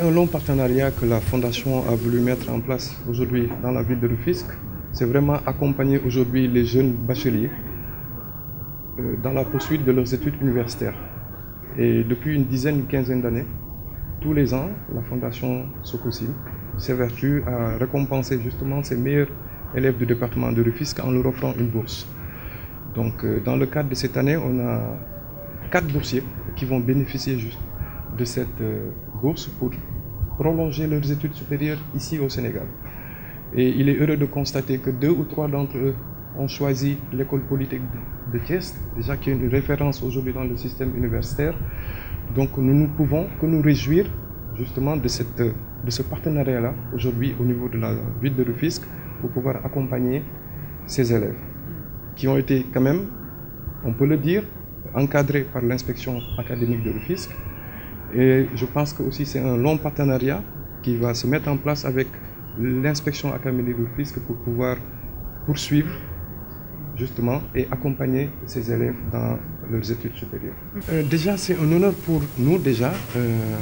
un long partenariat que la Fondation a voulu mettre en place aujourd'hui dans la ville de Rufisque. C'est vraiment accompagner aujourd'hui les jeunes bacheliers euh, dans la poursuite de leurs études universitaires. Et depuis une dizaine, une quinzaine d'années, tous les ans, la Fondation Sokosim s'évertue à récompenser justement ses meilleurs élèves du département de Rufisque en leur offrant une bourse. Donc, euh, dans le cadre de cette année, on a quatre boursiers qui vont bénéficier juste de cette euh, bourse pour prolonger leurs études supérieures ici au Sénégal. Et il est heureux de constater que deux ou trois d'entre eux ont choisi l'école politique de Thiès, déjà qui est une référence aujourd'hui dans le système universitaire. Donc nous ne pouvons que nous réjouir justement de, cette, de ce partenariat-là aujourd'hui au niveau de la ville de Rufisque pour pouvoir accompagner ces élèves qui ont été quand même, on peut le dire, encadrés par l'inspection académique de Rufisque et je pense que aussi c'est un long partenariat qui va se mettre en place avec l'inspection académique du fisc pour pouvoir poursuivre justement et accompagner ces élèves dans leurs études supérieures. Euh, déjà, c'est un honneur pour nous déjà euh,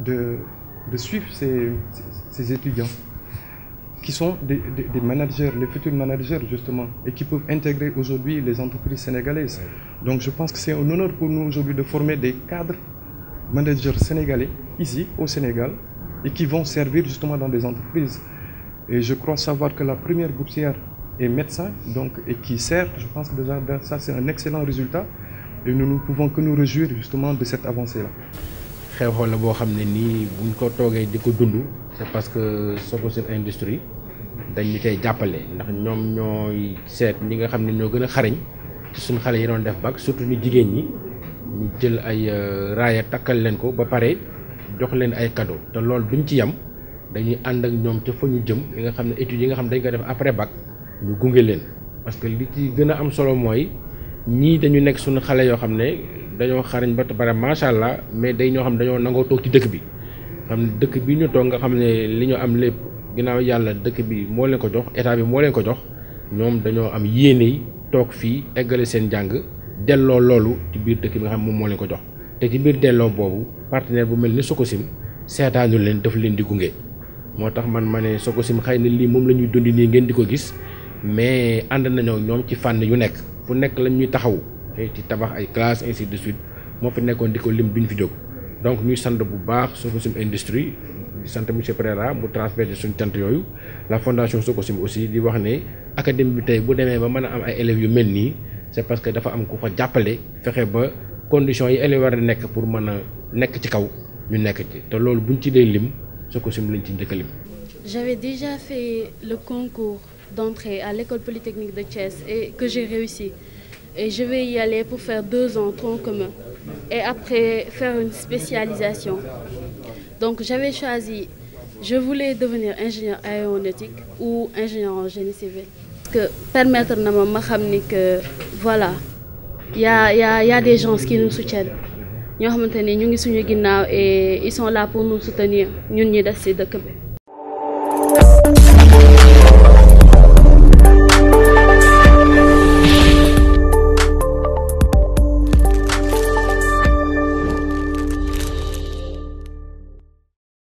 de, suivre ces étudiants qui sont des, des, managers, les futurs managers justement, et qui peuvent intégrer aujourd'hui les entreprises sénégalaises. Donc je pense que c'est un honneur pour nous aujourd'hui de former des cadres managers sénégalais ici au Sénégal et qui vont servir justement dans des entreprises. Et je crois savoir que la première boursière est médecin donc, et qui sert, je pense déjà ça c'est un excellent résultat et nous ne pouvons que nous réjouir justement de cette avancée-là. c'est parce que Soko Sin Industry dañ ñu tay jappalé ndax ñom ñoy sét ñi nga xamné ño gëna xariñ ci suñu xalé yi doon def bac surtout ñu jigéen ñi ñu jël ay euh, raaya takal leen ko ba paré jox leen ay cadeau té lool buñ ci yam dañuy and ak ñom ci fañu jëm nga xamné étude yi nga xamné dañ ko def après bac ñu gungé leen parce que li ci gëna am solo moy ñi dañu nekk suñu xalé yo xamné dañoo xariñ ba tabara machallah mais day ñoo xam dañoo nangoo toog ci dëkk bi xam ne dëkk bi ñu toog nga xam ne li ñu am lépp ginnaaw yàlla dëkk bi moo leen ko jox état bi moo leen ko jox ñoom dañoo am yéene yi toog fii eggale seen jàng delloo loolu ci biir dëkk bi nga xam moom moo leen ko jox te ci biir delloo boobu partenaire bu mel ni sim seetaanu leen daf leen di gunge moo tax man ma ne sim xay na lii moom la ñuy dundi nii ngeen di ko gis mais ànd nañoo ñoom ci fànn yu nekk fu nekk lañ ñuy taxaw ci tabax ay classe ainsi de suite moo fi nekkoon di ko lim duñ fi jóg donc ñuy sant bu baax Sococim industrie di sant monsieur Préra mu transféré suñu tante yoyu la fondation sokosim aussi di wax né académie bi tay bu démé ba mëna am ay élèves yu melni c'est parce que dafa am ku fa jappalé fexé ba condition yi élèves war a nekk pour mëna nek ci kaw ñu nek ci té lolu buñ ci dé lim sokosim lañ ci njëkk lim. J'avais déjà fait le concours d'entrée à l'école polytechnique de Thiès et que j'ai réussi et je vais y aller pour faire deux ans tronc commun et après faire une spécialisation. Donc j'avais choisi, je voulais devenir ingénieur aéronautique ou ingénieur en génie civil. Que permettre à ma que voilà, il y a, y, a, des gens qui nous soutiennent. Nous sommes et ils sont là pour nous soutenir. Nous sommes